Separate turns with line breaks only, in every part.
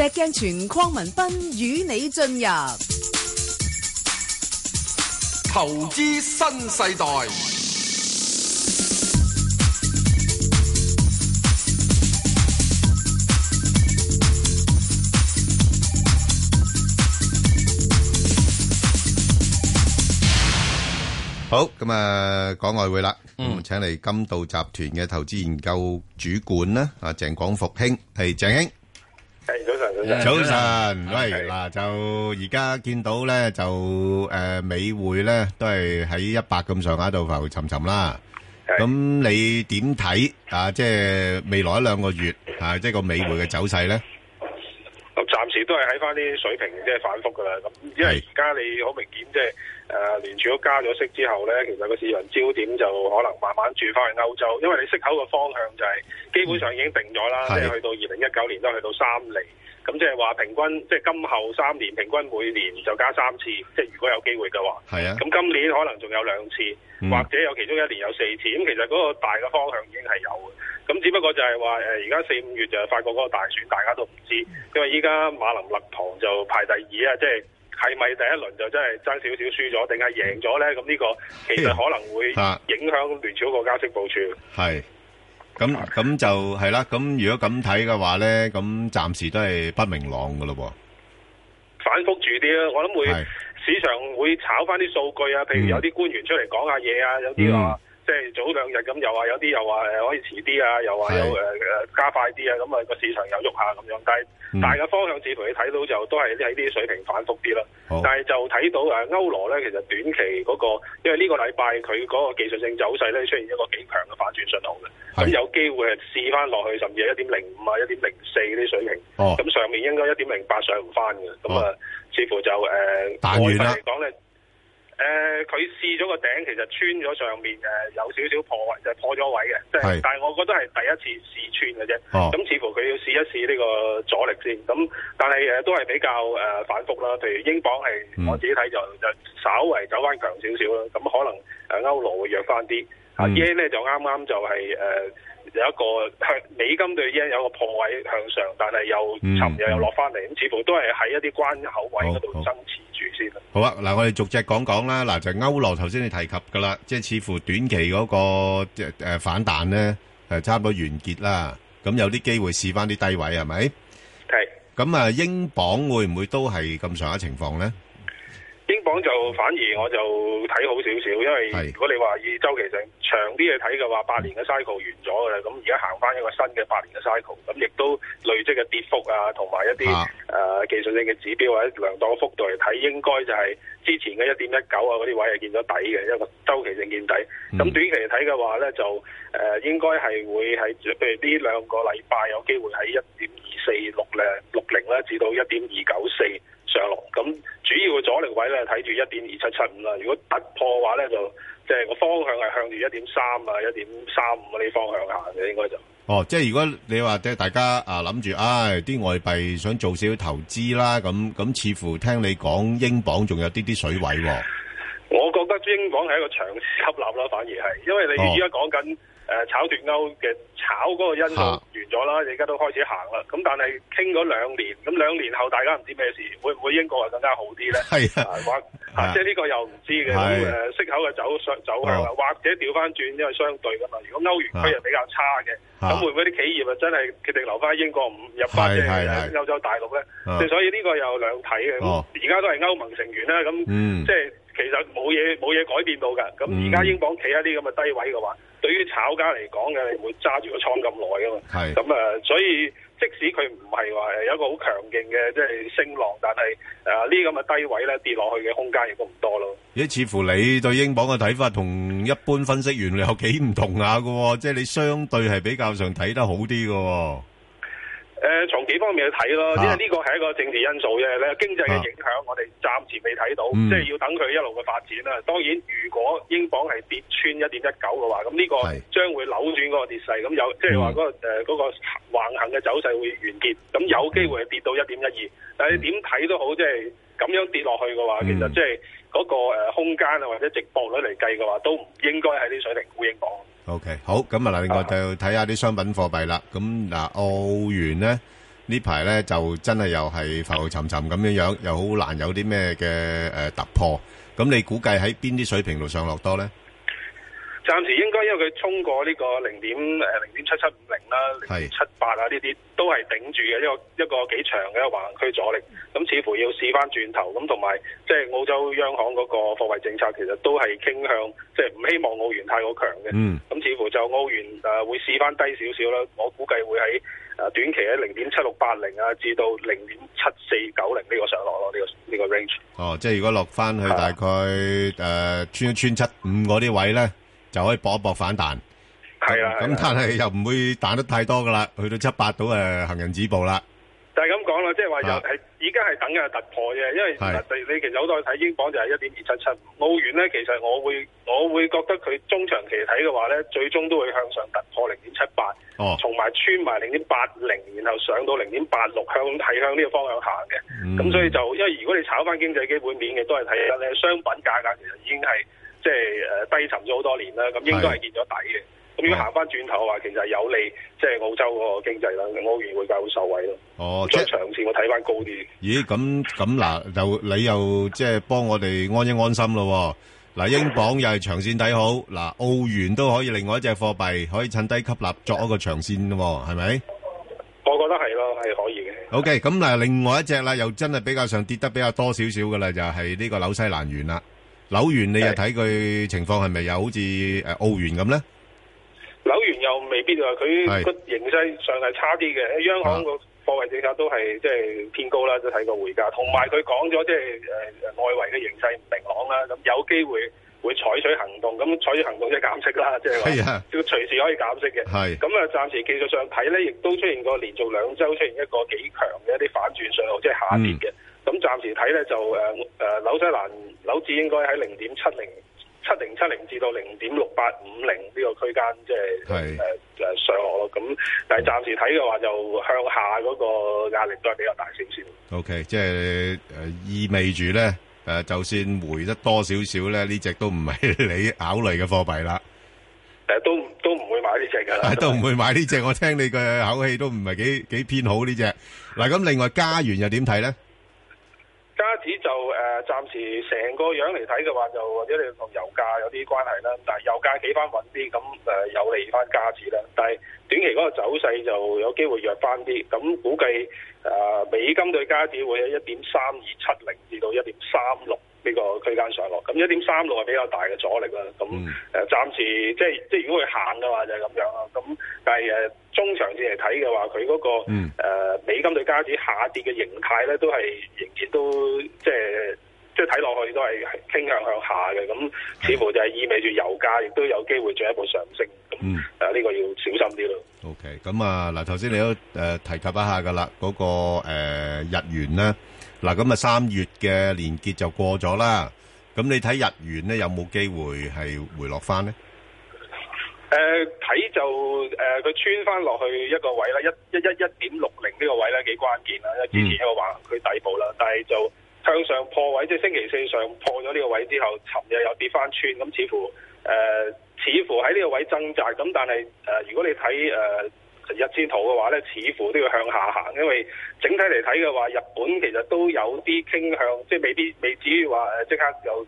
石鏡泉鄺文斌與你進入
投資新世代。
好，咁啊，講外匯啦。嗯，請嚟金道集團嘅投資研究主管啦，啊，鄭廣復兄，係鄭兄。早晨，早晨，早晨。喂，嗱，就而家見到咧，就誒美匯咧都係喺一百咁上下度浮沉沉啦。咁你點睇啊？即係未來一兩個月啊，即係個美匯嘅走勢咧？
暫時都係喺返啲水平，即係反覆噶啦。咁因為而家你好明顯即係。誒聯儲都加咗息之後咧，其實個市場焦點就可能慢慢轉翻去歐洲，因為你息口嘅方向就係、是、基本上已經定咗啦，即係是去到二零一九年都去到三釐，咁即係話平均，即係今後三年平均每年就加三次，即係如果有機會嘅話，係啊，咁今年可能仲有兩次，或者有其中一年有四次，咁、嗯、其實嗰個大嘅方向已經係有嘅，咁只不過就係話誒，而家四五月就係法國嗰個大選，大家都唔知，因為依家馬林勒龐就排第二啊，即、就、係、是。係咪第一輪就真係爭少少輸咗，定係贏咗呢？咁呢個其實可能會影響聯儲個加息部署。
係，咁 咁就係啦。咁如果咁睇嘅話呢，咁暫時都係不明朗嘅咯。
反覆住啲啊！我諗會是市場會炒翻啲數據啊。譬如有啲官員出嚟講下嘢啊，有啲啊。即係早兩日咁，又話有啲，又話誒可以遲啲啊，又話有誒誒的、呃、加快啲啊，咁啊個市場又喐下咁樣，但係大嘅方向似乎你睇到就都係喺呢啲水平反覆啲啦。嗯、但係就睇到誒歐羅咧，其實短期嗰、那個，因為呢個禮拜佢嗰個技術性走勢咧出現一個幾強嘅反轉信號嘅，咁的有機會係試翻落去，甚至係一點零五啊、一點零四呢啲水平。哦，咁上面應該一點零八上唔翻嘅，咁啊、哦嗯，似乎就誒外匯嚟講咧。呃誒佢試咗個頂，其實穿咗上面誒、呃、有少少破位，就破咗位嘅。即係，是但係我覺得係第一次試穿嘅啫。咁、哦、似乎佢要試一試呢個阻力先。咁、嗯、但係誒、呃、都係比較誒、呃、反覆啦。譬如英鎊係、嗯、我自己睇就就稍為走翻強少少啦。咁可能誒歐羅會弱翻啲。啊耶咧就啱啱就係、是、誒。呃有一個向美金對 yen 有一個破位向上，但係又尋日又落翻嚟，咁似乎都係喺一啲關口位嗰度爭持住
先啦。好啊，嗱，我哋逐隻講講啦。嗱，就歐羅頭先你提及噶啦，即係似乎短期嗰個誒反彈咧，係差唔多完結啦。咁有啲機會試翻啲低位係咪？係。咁啊，英鎊會唔會都係咁上下情況咧？
英鎊就反而我就睇好少少，因為如果你話以周期性長啲去睇嘅話，八年嘅 cycle 完咗嘅啦，咁而家行翻一個新嘅八年嘅 cycle，咁亦都累積嘅跌幅啊，同埋一啲誒、呃、技術性嘅指標或者量度幅度嚟睇，應該就係之前嘅一點一九啊嗰啲位係見咗底嘅一個周期性見底。咁短期嚟睇嘅話咧，就誒、呃、應該係會喺譬如呢兩個禮拜有機會喺一點二四六咧、六零啦，至到一點二九四。上落咁主要嘅阻力位咧睇住一點二七七五啦，75，如果突破嘅話咧就即係個方向係向住一點三啊、一點三五嗰啲方向行嘅。應
該就哦，即係如果你話即係大家啊諗住唉啲外幣想做少少投資啦，咁咁似乎聽你講英鎊仲有啲啲水位喎、哦。
我覺得英鎊係一個長期吸納啦，反而係，因為你而家講緊誒炒脫歐嘅炒嗰個因素完咗啦，你而家都開始行啦。咁但係傾咗兩年，咁兩年後大家唔知咩事，會唔會英國係更加好啲咧？係或嚇，即係呢個又唔知嘅誒息口嘅走相走向啦，或者調翻轉，因為相對噶嘛，如果歐元區係比較差嘅，咁會唔會啲企業啊真係決定留翻英國唔入翻嘅歐洲大陸咧？即所以呢個又兩睇嘅。而家都係歐盟成員啦，咁即係。其實冇嘢冇嘢改變到㗎，咁而家英鎊企喺啲咁嘅低位嘅話，嗯、對於炒家嚟講嘅，你唔會揸住個倉咁耐㗎嘛？係咁啊，所以即使佢唔係話有一個好強勁嘅即係升浪，但係誒呢咁嘅低位咧，跌落去嘅空間亦都唔多咯。
咦？似乎你對英鎊嘅睇法同一般分析員有幾唔同下嘅喎㗎喎？即係你相對係比較上睇得好啲嘅喎㗎喎。
誒，從、呃、幾方面去睇咯，因為呢個係一個政治因素啫咧。經濟嘅影響，我哋暫時未睇到，啊嗯、即係要等佢一路嘅發展啦、啊。當然，如果英鎊係跌穿一點一九嘅話，咁呢個將會扭轉嗰個跌勢，咁有即係話嗰個誒、嗯呃嗰個橫行嘅走勢會完結。咁有機會係跌到一點一二，但係點睇都好，即係咁樣跌落去嘅話，嗯、其實即係嗰個誒空間啊，或者值博率嚟計嘅話，都唔應該喺啲水平沽英鎊。
OK，好，咁啊嗱，另外就睇下啲商品貨幣啦。咁嗱，澳元呢，呢排呢就真係又係浮浮沉沉咁樣樣，又好難有啲咩嘅誒突破。咁你估計喺邊啲水平路上落多呢？
暫時應該，因為佢衝過呢個零點誒零點七七五零啦，零點七八啊呢啲都係頂住嘅，一個一個幾長嘅一個橫行區阻力。咁似乎要試翻轉頭，咁同埋即係澳洲央行嗰個貨幣政策其實都係傾向即係唔希望澳元太過強嘅。咁、嗯、似乎就澳元誒會試翻低少少啦。我估計會喺誒短期喺零點七六八零啊，至到零點七四九零呢個上落呢、呢個呢、呢個 range。
哦，即係如果落翻去大概誒的、呃、穿穿七五嗰啲位咧？就可以搏一搏反彈，
係啊，咁那、啊、但係又
唔會彈得太多噶啦，去到七八度誒行人止步啦。
就係咁講啦，即係話又係，而家係等緊突破嘅，因為其實是你其實好在睇英鎊就係一點二七七，澳元咧，其實我會我會覺得佢中長期睇嘅話咧，最終都會向上突破零點七八，哦，同埋穿埋零點八零，然後上到零點八六，向係向呢個方向行嘅。咁、嗯、所以就因為如果你炒翻經濟基本面嘅，都係睇緊你商品價格其實已經係。即係誒低沉咗好多年啦，咁應該係見咗底嘅。咁如果行翻轉頭嘅話，其實係有利即係澳洲嗰個經濟啦，澳元會比較受惠咯。哦，即係長線我睇翻高啲。
咦？咁咁嗱，又你又即係幫我哋安一安心咯。嗱，英鎊又係長線睇好，嗱，澳元都可以另外一隻貨幣可以趁低吸納，作一個長線咯，係咪？
我覺得係咯，係可以
嘅。OK，咁嗱，另外一隻啦，又真係比較上跌得比較多少少嘅啦，就係呢個紐西蘭元啦。紐元你又睇佢情況係咪又好似誒澳元咁咧？
紐元又未必話佢個形勢上係差啲嘅，央行個貨幣政策都係即係偏高啦，都睇個匯價。同埋佢講咗即係誒外圍嘅形勢唔明朗啦，咁有機會會採取行動，咁採取行動即係減息啦，即係。係啊，要隨時可以減息嘅。係。咁啊，暫時技術上睇咧，亦都出現過連續兩周出現一個幾強嘅一啲反轉信號，即係下跌嘅。嗯咁暫時睇咧就誒誒紐西蘭紐指應該喺零點七零七零七零至到零點六八五零呢個區間，即係係誒上落咯。咁但係暫時睇嘅話，就向下嗰個壓力都係比較
大少少。O K，即係誒意味住咧誒，就算回得多少少咧，呢隻都唔係你考慮嘅貨幣啦。誒都都唔會買呢隻嘅，都唔會買呢隻。我聽你嘅口氣都唔係幾幾偏好呢隻。嗱，咁，另外加元又點睇咧？
加指就誒，暫、呃、時成個樣嚟睇嘅話就，就或者你同油價有啲關係啦。但係油價企翻穩啲，咁誒、呃、有利翻加指啦。但係短期嗰個走勢就有機會弱翻啲，咁估計誒、呃、美金對加指會喺一點三二七零至到一點三六。呢個區間上落，咁一點三六係比較大嘅阻力啦。咁誒，暫、嗯呃、時即係即係如果佢行嘅話就係、是、咁樣咯。咁但係誒中長線嚟睇嘅話，佢嗰、那個誒、嗯呃、美金對加元下跌嘅形態咧，都係仍然都即係即係睇落去都係傾向向下嘅。咁似乎就係意味住油價亦都有機會進一步上升。咁誒呢個要小心啲咯。
OK，咁啊嗱，頭先你都誒提及一下噶啦，嗰、那個、呃呃、日元咧。嗱，咁啊三月嘅年結就過咗啦。咁你睇日元咧有冇機會係回落翻呢？
誒睇、呃、就誒佢、呃、穿翻落去一個位啦，一一一一點六零呢個位咧幾關鍵啦，因為之前一個話佢底部啦，但係就向上破位，即、就、係、是、星期四上破咗呢個位之後，尋日又跌翻穿，咁似乎誒、呃、似乎喺呢個位掙扎，咁但係誒、呃、如果你睇誒。呃日線圖嘅話咧，似乎都要向下行，因為整體嚟睇嘅話，日本其實都有啲傾向，即係未必未至於話誒即刻有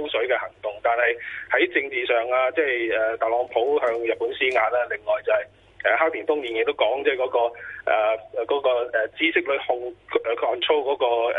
誒收水嘅行動。但係喺政治上啊，即係誒特朗普向日本施壓啦。另外就係誒黑田東彥亦都講，即係嗰、那個誒嗰、呃那個孳息率控誒 control 嗰個誒。呃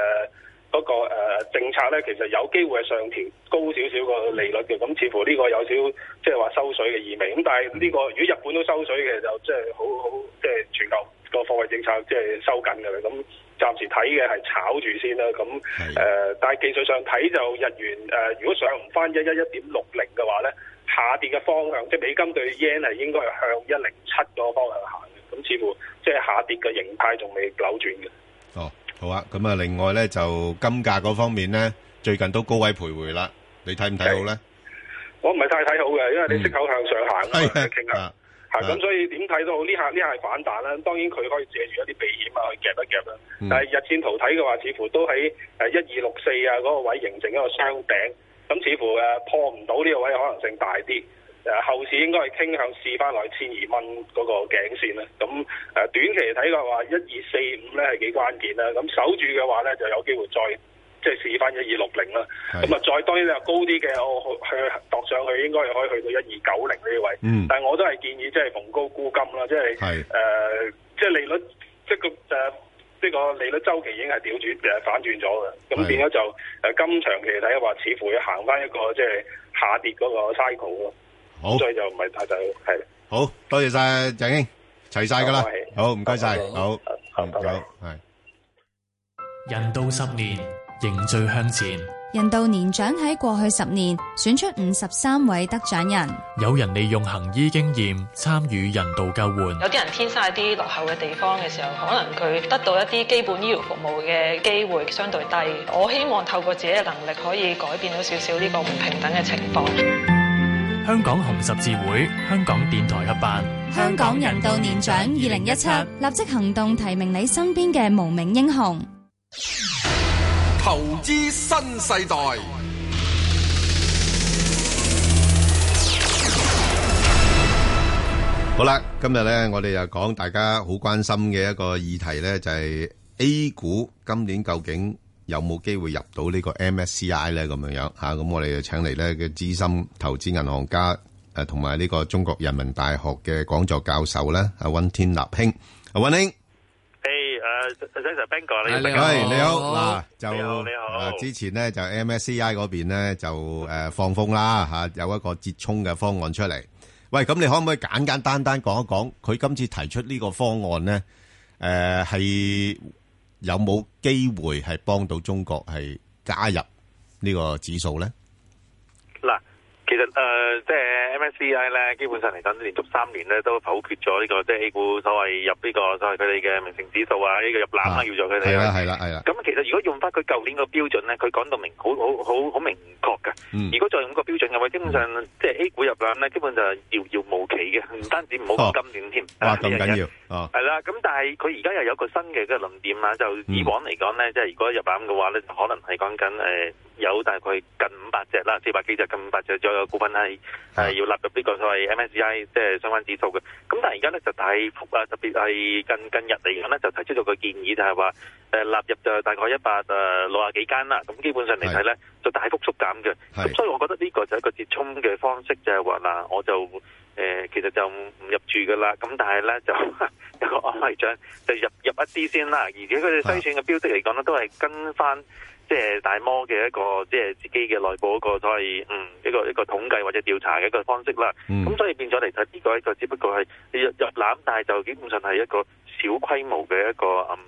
嗰、那個、呃、政策咧，其實有機會係上調高少少個利率嘅，咁、嗯、似乎呢個有少即係話收水嘅意味。咁但係呢、這個如果日本都收水嘅，就即係好好即係、就是、全球個貨幣政策即係收緊嘅。咁、嗯、暫時睇嘅係炒住先啦。咁、嗯、誒是、呃，但係技術上睇就日元誒、呃，如果上唔翻一一一點六零嘅話咧，下跌嘅方向即係美金對 yen 係應該係向一零七個方向行嘅。咁、嗯、似乎即係下跌嘅形態仲未扭轉嘅。哦。
好啊，咁啊，另外咧就金價嗰方面咧，最近都高位徘徊啦，你睇唔睇好咧？
我唔係太睇好嘅，因為你息口向上行，咁啊傾下，吓咁所以點睇都好，呢下呢下係反彈啦、啊，當然佢可以借住一啲避險啊去夾一夾啦。但係日線圖睇嘅話，似乎都喺誒一二六四啊嗰個位形成一個雙頂，咁、嗯、似乎誒、啊、破唔到呢個位可能性大啲。誒後市應該係傾向試翻落千二蚊嗰個頸線啦。咁誒短期睇嘅話，一二四五咧係幾關鍵啦。咁守住嘅話咧，就有機會再即係試翻一二六零啦。咁啊，再當然又高啲嘅，我去度上去應該可以去到一二九零呢位。但係我都係建議即係逢高沽金啦，即係誒，即係利率即個誒呢個利率周期已經係調轉誒反轉咗嘅，咁變咗就誒今長期睇嘅話，似乎要行翻一個即係下跌嗰個 cycle 咯。再就唔係太大，係
好多謝晒鄭英，齊晒噶啦，好唔該晒，好，好，係。
人道十年凝聚向前，
人道年獎喺過去十年選出五十三位得獎人。
有人利用行醫經驗參與人道救援，有啲人天生一啲落後嘅地方嘅時候，可能佢得到一啲基本醫療服務嘅機會相對低。我希望透過自己嘅能力，可以改變到少少呢個唔平等嘅情況。香港紅十字會、香港電台合辦
香港人道年獎二零一七，立即行動，提名你身邊嘅無名英雄。投資新世代。
好啦，今日呢，我哋又講大家好關心嘅一個議題呢，就係 A 股今年究竟。有冇機會入到呢個 MSCI 咧咁樣樣嚇？咁我哋就請嚟咧嘅資深投資銀行家誒，同埋呢個中國人民大學嘅講座教授咧，阿温天納，阿温興，誒誒，先生 Ben 哥，你好，你好，嗱，你好，你好。之前咧就 MSCI 嗰邊咧就誒放風啦嚇，有一個折衷嘅方案出嚟。喂，咁你可唔可以簡簡單單講一講佢今次提出呢個方案咧？誒係。有冇機會係幫到中國係加入呢個指數呢？
其實誒，即係 MSCI 咧，基本上嚟講，連續三年咧都否決咗呢，這個即係 A 股所謂入呢，這個所謂佢哋嘅明晟指數啊，呢個入籃啊，啊要咗佢哋，係啦係啦係啦。咁其實如果用翻佢舊年個標準咧，佢講到明，好好好好明確噶。如果再用個標準嘅話，基本上，嗯，即係 A 股入籃咧，基本就遙遙無期嘅，唔單止唔好講今年添。
呵啊，哇，咁緊要。
係啦， 啊，咁但係佢而家又有一個新嘅個論點啊，就以往嚟講咧，即係，嗯，如果入籃嘅話咧，就可能係講緊誒。呃有大概近五百隻啦，四百幾隻、近五百隻，左右股份係係要納入呢個所謂 MSCI，即係相關指數嘅。咁但係而家咧就大幅啊，特別係近近日嚟講咧，就提出咗個建議，就係話誒納入就大概一百誒六十幾間啦。咁基本上嚟睇咧，就大幅縮減嘅。咁所以我覺得呢個就係一個折衷嘅方式，就係話嗱，我就誒其實就唔入住噶啦。咁但係咧就有個安排就入入一啲先啦。而且佢哋篩選嘅標的嚟講咧，都係跟翻。即係大摩嘅一個，即係自己嘅內部一個，所謂嗯一個一個統計或者調查嘅一個方式啦。咁、嗯、所以變咗嚟睇呢個就只不過係你入攬，但係就基本上係一個小規模嘅一個、嗯、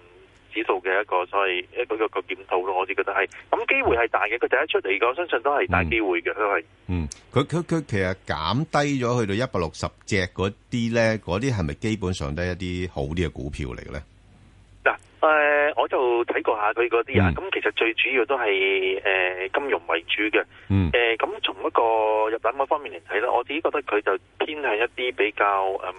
指數嘅一個，所謂一個一個檢討咯。我哋覺得係咁機會係大嘅，佢第一出嚟講，相信都係大機會嘅佢係。嗯，
佢佢佢其實減低咗去到一百六十隻嗰啲呢，嗰啲係咪基本上都係一啲好啲嘅股票嚟嘅咧？
誒、呃，我就睇過下佢嗰啲啊，咁其實最主要都係誒、呃、金融為主嘅。嗯。誒、呃，咁從一個入籃嗰方面嚟睇咧，我自己覺得佢就偏向一啲比較誒、嗯、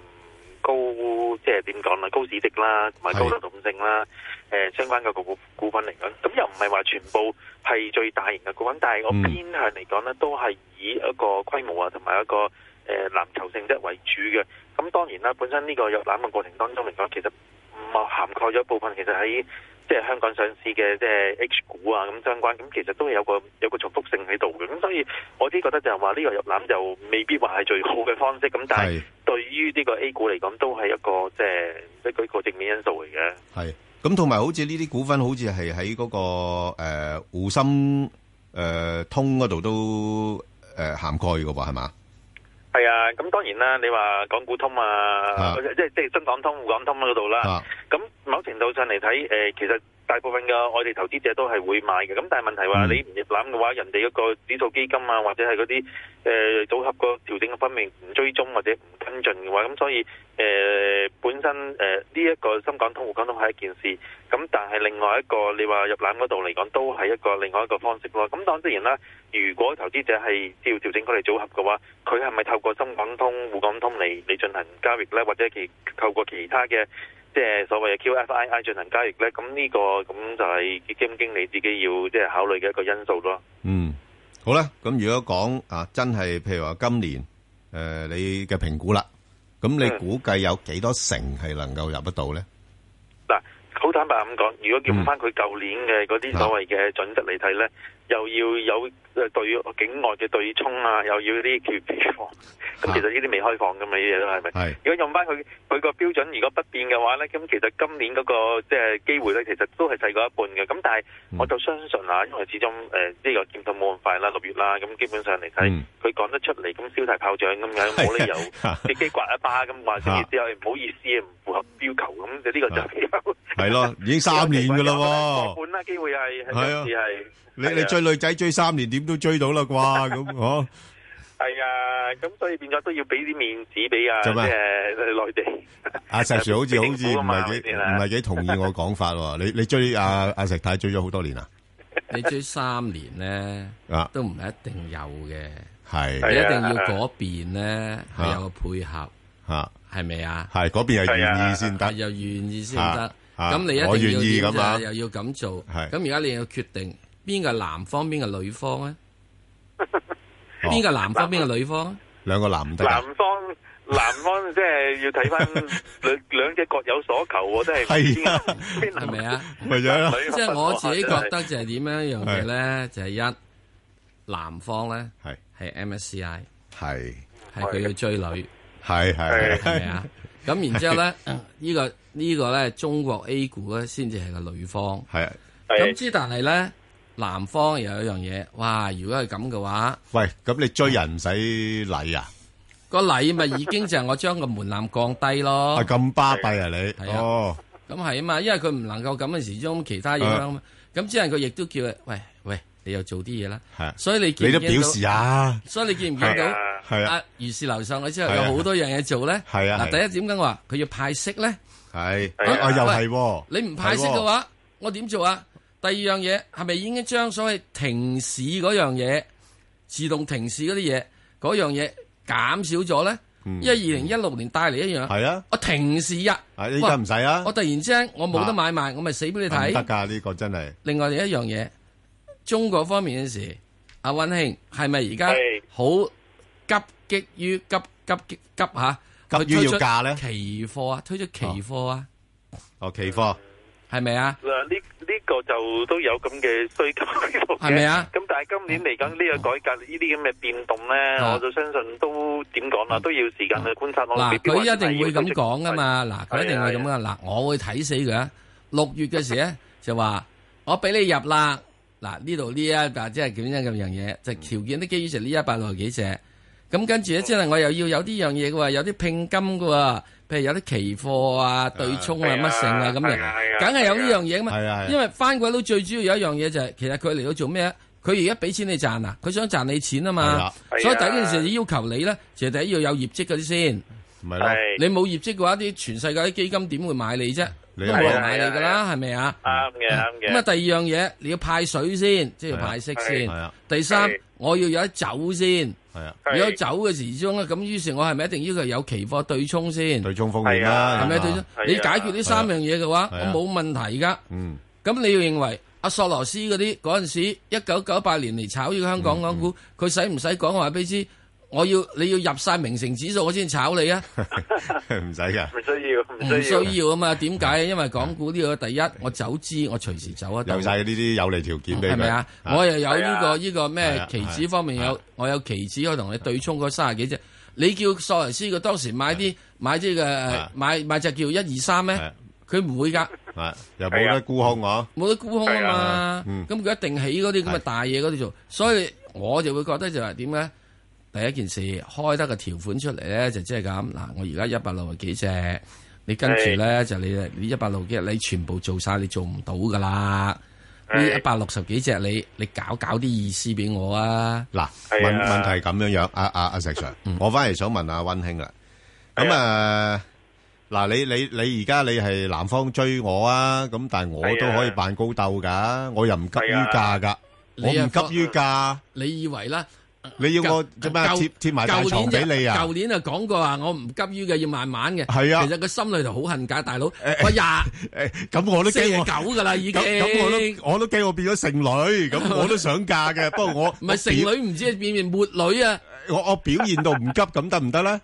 高，即係點講咧，高市值啦，同埋高流動性啦。誒是、呃，相關嘅股股份嚟講咁、嗯、又唔係話全部係最大型嘅股份，但係我偏向嚟講咧，都係以一個規模啊，同埋一個誒藍籌性質為主嘅。咁、嗯、當然啦，本身呢個入籃嘅過程當中嚟講，其實。唔係，涵蓋咗一部分，其實喺即係香港上市嘅即係 H 股啊，咁相關，咁其實都係有個有個重複性喺度嘅，咁所以我啲覺得就係話呢個入籃就未必話係最好嘅方式，咁但係對於呢個 A 股嚟講，都係一個即係一,一個正面因素嚟嘅。
係，咁同埋好似呢啲股份好、那個，好似係喺嗰個誒滬深誒通嗰度都誒、呃、涵蓋嘅話，係嘛？
係啊，咁當然啦，你話港股通啊，啊即係即係新港通、滬港通嗰度啦，咁、啊、某程度上嚟睇，誒、呃、其實。大部分嘅外地投資者都係會買嘅，咁但係問題話，你唔入籃嘅話，人哋嗰個指數基金啊，或者係嗰啲誒組合個調整嘅方面唔追蹤或者唔跟進嘅話，咁、嗯、所以誒、呃、本身誒呢一個深港通、滬港通係一件事，咁但係另外一個你話入籃嗰度嚟講都係一個另外一個方式咯。咁當然啦，如果投資者係照調整佢哋組合嘅話，佢係咪透過深港通、滬港通嚟嚟進行交易咧，或者其透過其他嘅？即係所謂嘅 QFII 進行交易咧，咁呢個咁就係基金經理自己要即係考慮嘅一個因素咯。嗯，
好啦，咁如果講啊，真係譬如話今年誒，你嘅評估啦，咁你估計有幾多成係能夠入得到咧？
嗱，好坦白咁講，如果用翻佢舊年嘅嗰啲所謂嘅準則嚟睇咧。又要有對境外嘅對沖啊，又要啲調備房。咁其實呢啲未開放噶嘛，啲嘢都係咪？是是是如果用翻佢佢個標準，如果不變嘅話咧，咁其實今年嗰個即係機會咧，其實都係細過一半嘅。咁但係我就相信啊，因為始終誒呢、呃呢個見到冇咁快啦，六月啦，咁基本上嚟睇佢講得出嚟，咁燒晒炮仗咁樣冇理由自己刮一巴咁話，跟住之後唔好意思唔符合要求咁，就呢個
就係。咯，已經三年噶啦喎，一半
啦機會係，甚至係
女仔追三年點都追到啦啩，咁哦，係啊，咁所以變咗
都要俾啲面子俾啊，做咩？內地
阿石 Sir 好似好似唔係幾唔係幾同意我講法，你你追阿阿石太追咗好多年啊，
你追三年咧，都唔一定有嘅。係你一定要嗰邊咧係有個配合吓，係咪啊？係嗰邊係願意先得，又願意先得，咁你一定要點啊？又要咁做，咁而家你有決定。邊個男方，邊個女方咧？邊個男方，邊個女方？兩個男唔得。男方，男
方即係要睇翻兩兩隻各有所求都真係
係啊，係咪啊？為即係我自己覺得就係點樣一樣嘢咧，就係一男方咧係係 MSCI 係係佢要追女係係係咪啊？咁然之後咧呢個呢個咧中國 A 股咧先至係個女方係，咁之但係咧。南方又有一樣嘢，哇！如果係咁嘅話，喂，咁你追人唔使禮啊？個禮咪已經就係我將個門檻降低咯。係咁巴閉啊！你哦，咁係啊嘛，因為佢唔能夠咁嘅時鐘其他嘢啦嘛。咁之後佢亦都叫，喂喂，你又做啲嘢啦。係，所以你你都表示啊。所以你見唔見到？係啊，如是樓上我之後有好多樣嘢做咧。係啊。第一點咁話，佢要派息咧。係。啊，又係喎。你唔派息嘅話，我點做啊？第二樣嘢係咪已經將所謂停市嗰樣嘢自動停市嗰啲嘢嗰樣嘢減少咗咧？因為二零一六年帶嚟一樣係啊，我停市啊，啊依家唔使啊！我突然之間我冇得買賣，我咪死俾你睇唔得噶呢個真係。另外另一樣嘢，中國方面嘅事，阿温興係咪而家好急急於急急急急吓去推出價咧？期貨啊，推出期貨啊，哦期貨係咪啊？嗱
呢。個就都有咁嘅需求嘅，係咪啊？咁但係今年嚟緊呢個改革呢啲咁嘅變動咧，我就相信都點講啊？
都要時間去觀察咯。嗱，佢一定會咁講噶嘛？嗱，佢一定係咁噶。嗱，我會睇死佢。六月嘅時咧就話我俾你入啦。嗱，呢度呢一，即係其中咁樣嘢，就條件都基於成呢一百六十幾隻。咁跟住咧，即係我又要有呢樣嘢嘅喎，有啲聘金嘅喎，譬如有啲期貨啊、對沖啊、乜聲啊咁、啊、樣，梗係、啊、有呢樣嘢啊嘛。啊啊因為番鬼佬最主要有一樣嘢就係、是，啊啊、其實佢嚟到做咩？佢而家俾錢你賺啊，佢想賺你錢啊嘛。啊所以第一件事要求你咧，其實第一要有業績嗰啲先。唔係、啊，你冇業績嘅話，啲全世界啲基金點會買你啫？都係買你噶啦，係咪啊？啱嘅，啱嘅。咁啊，第二樣嘢你要派水先，即係要派息先。第三，我要有得走先。係啊，如果走嘅時鐘咧，咁於是我係咪一定要求有期貨對沖先？對沖風險啦，係咪對沖？你解決呢三樣嘢嘅話，我冇問題噶。嗯，咁你要認為阿索羅斯嗰啲嗰陣時一九九八年嚟炒呢個香港港股，佢使唔使講話俾知？我要你要入晒明晟指數，我先炒你啊！唔使噶，唔需要，唔需要啊嘛？點解？因為港股呢個第一，我走資，我隨時走得到。有晒
呢啲有利條件，係咪啊？我又有呢個呢個咩期指方面有，
我有期指可以同你對沖嗰三十幾隻。你叫索羅斯佢當時買啲買啲嘅買買隻叫一二三咩？佢唔會噶，又冇得沽空嗬，冇得沽空啊嘛。咁佢一定起嗰啲咁嘅大嘢嗰啲做，所以我就會覺得就係點咧？第一件事開得個條款出嚟咧，就即係咁嗱。我而家一百六幾隻，你跟住咧的就你呢一百六幾，你全部做晒，你做唔到噶啦。呢一百六十幾隻，你你搞搞啲意思俾我啊！嗱，問問題係
咁樣樣，阿阿阿石 Sir、嗯、我翻嚟想問下溫兄啦。咁啊，嗱，你你你而家你係南方追我啊？咁但係我都可以扮高斗噶，我又唔急於嫁噶，你唔急
於嫁。你以為咧？
你要我做咩貼貼埋大床俾你啊？舊
年啊講過話我唔急於嘅，要慢慢嘅。係啊，其實個心裏頭好恨嫁大佬。哎呀咁我都驚我狗噶啦，已經。咁我都
我都驚我變咗剩女。咁我都想嫁嘅，不過我唔係剩女，唔知變成沒女啊。我我表現到唔急咁得唔得咧？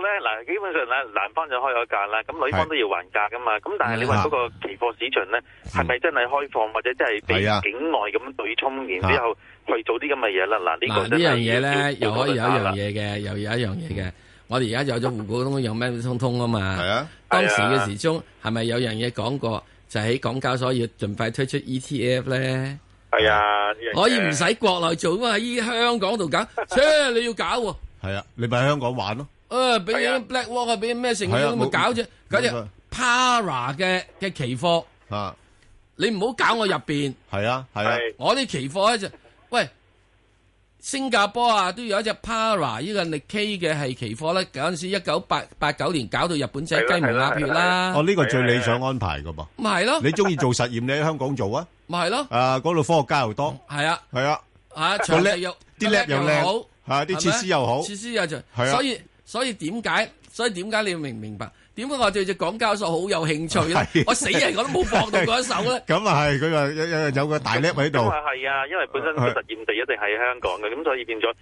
咧嗱，基本上咧，男方就開咗價啦，咁女方都要還價噶嘛。咁但係你話嗰個期貨市場咧，係咪真係開放，或者即係畀境外咁樣對沖，然之後去做啲咁嘅嘢啦？嗱，呢個呢樣嘢咧，又可以有一樣
嘢嘅，又有一樣嘢嘅。我哋而家有咗滬股通，有咩通通啊嘛？係啊，當時嘅時鐘係咪有樣嘢講過，就喺港交所要盡快推出 ETF 咧？
係啊，
可以唔
使國內做，咁喺香港度搞，切你要搞喎？係啊，你咪喺香港玩咯。誒，俾啲 black wall 啊，俾咩成嘢咁咪搞啫？嗰隻 para 嘅嘅期貨啊，你唔好搞我入邊。係啊，係啊，我啲期貨咧就，喂，新加坡啊，都有一隻 para 呢個力 k 嘅係期貨咧。嗰陣時一九八八九年搞到日本仔雞毛鴨血啦。哦，呢個最理想
安排噶噃。咁係咯。你中意做實驗，你喺香港做啊？咪係咯。啊，嗰度科學家又多。係啊，係啊。
吓，長又啲叻又靚，吓啲設施又好，設施又就係啊，所以。所以點解？所以點解你要明唔明白？點解我對隻港交所好有興趣咧？我死人我都冇搏到嗰一手咧。咁啊係，佢啊有有個大叻
喺度。咁啊係啊，因為本身個實驗地一定係香港嘅，咁所以變咗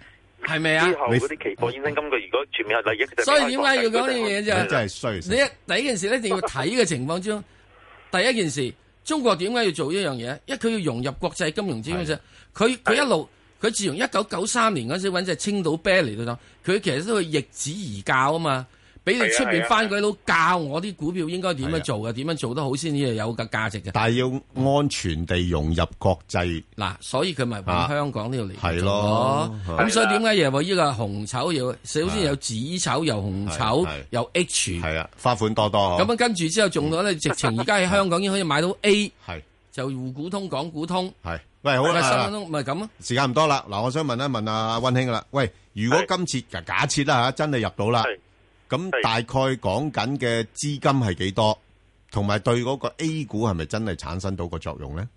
係咪啊？之後嗰
啲期貨衍生金，佢
如果全面係利益，所以點解要講呢樣嘢啫？真係
衰！你一第一件事咧，一定要睇嘅情況之中，第一件事，中國點解要做呢樣嘢？一佢要融入國際金融之中，佢佢一路。佢自從一九九三年嗰時搵隻青島啤嚟到當，佢其實都係逆子而教啊嘛，俾你出面番鬼佬教我啲股票應該點樣做嘅，點的樣做得好先至有個價值嘅。但係
要安全地融入國際，
嗱、啊，所以佢咪喺香港呢度嚟。係咯，咁所以點解又話呢、呢個紅籌要首先有紫籌，又紅籌，又有 H。係啊，花款多多。咁樣跟住之後到呢，仲有咧直情而家喺香港已經可以買到 A，的就滬股通、港股通。係。
喂，好啦，三分鐘咪咁咯，啊、時間唔多啦。嗱，我想問一問阿温兄啦。喂，如果今次是假假設啦吓，真係入到啦，咁是大概講緊嘅資金係幾多，同埋對嗰個 A 股係咪真係產生到個作用咧？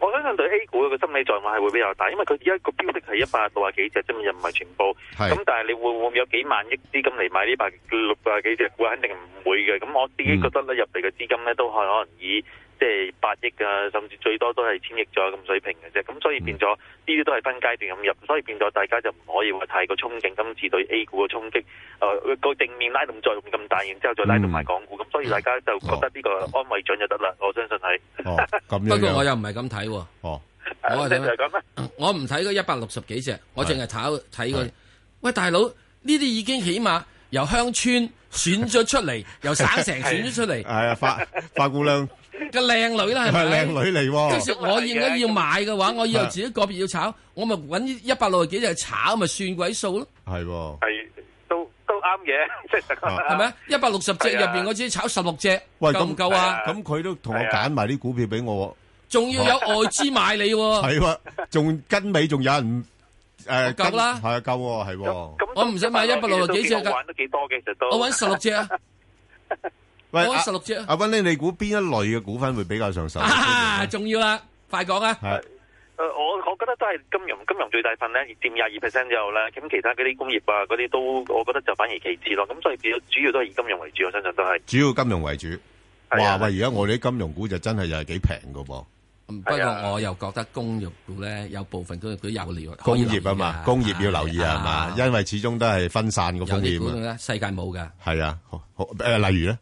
我相信對 A 股嘅心理作用係會比較大，因為佢而家個標的係一百六啊幾隻，又唔係全部。咁是但係你會唔會有幾萬億資金嚟買呢百六啊幾隻股？肯定唔會嘅。咁我自己覺得咧，入嚟嘅資金咧都係可能以。即係八億啊，甚至最多都係千億左右咁水平嘅啫。咁所以變咗呢啲都係分階段咁入，所以變咗大家就唔可以話太過憧憬今次對 A 股嘅衝擊，誒個正面拉動作用咁大，然之後再拉動埋港
股。咁所以大家就覺得呢個安慰準就得啦。我相信係。哦，咁樣嘅。不過我又唔係咁睇。哦。我睇咩？我唔睇嗰一百六十幾隻，我淨係睇個。喂，大佬，呢啲已經起碼由鄉村選咗出嚟，由省城選咗出嚟。係
啊，發發姑娘。
個靚女啦，係咪靚女嚟？跟住我如果要買嘅話，我以後自己個別要炒，我咪揾一百六十幾隻炒，咪算鬼數咯。係係都都啱嘅，即係實。係咪一百六十隻入邊，我自己炒十六隻夠唔夠啊？咁
佢都同我揀埋啲股票俾我，
仲要有外資買你。係喎，
仲跟尾仲有人誒？夠啦，係啊，夠係。我
唔使買一百六十幾隻噶。我揾十六隻啊。我十六隻。
阿斌咧，你估邊一類嘅股份會比較上手？
重要啦，快講啦。係，誒，
我我覺得都係金融，金融最大份咧，占廿二 percent 之後咧，咁其他嗰啲工業啊，嗰啲
都，我覺得就反而其次咯。咁所以主要主要都係以金融為主，我相信都係。
主要金融為主。哇，喂，而家我哋啲金融股就真係又係幾平噶噃。
不過我又覺得工業股咧，有部分都係有料。工業
啊嘛，工業要留意係嘛，因為始終都係
分散個風險啊。世界冇噶。係啊，好，好，誒，例如咧？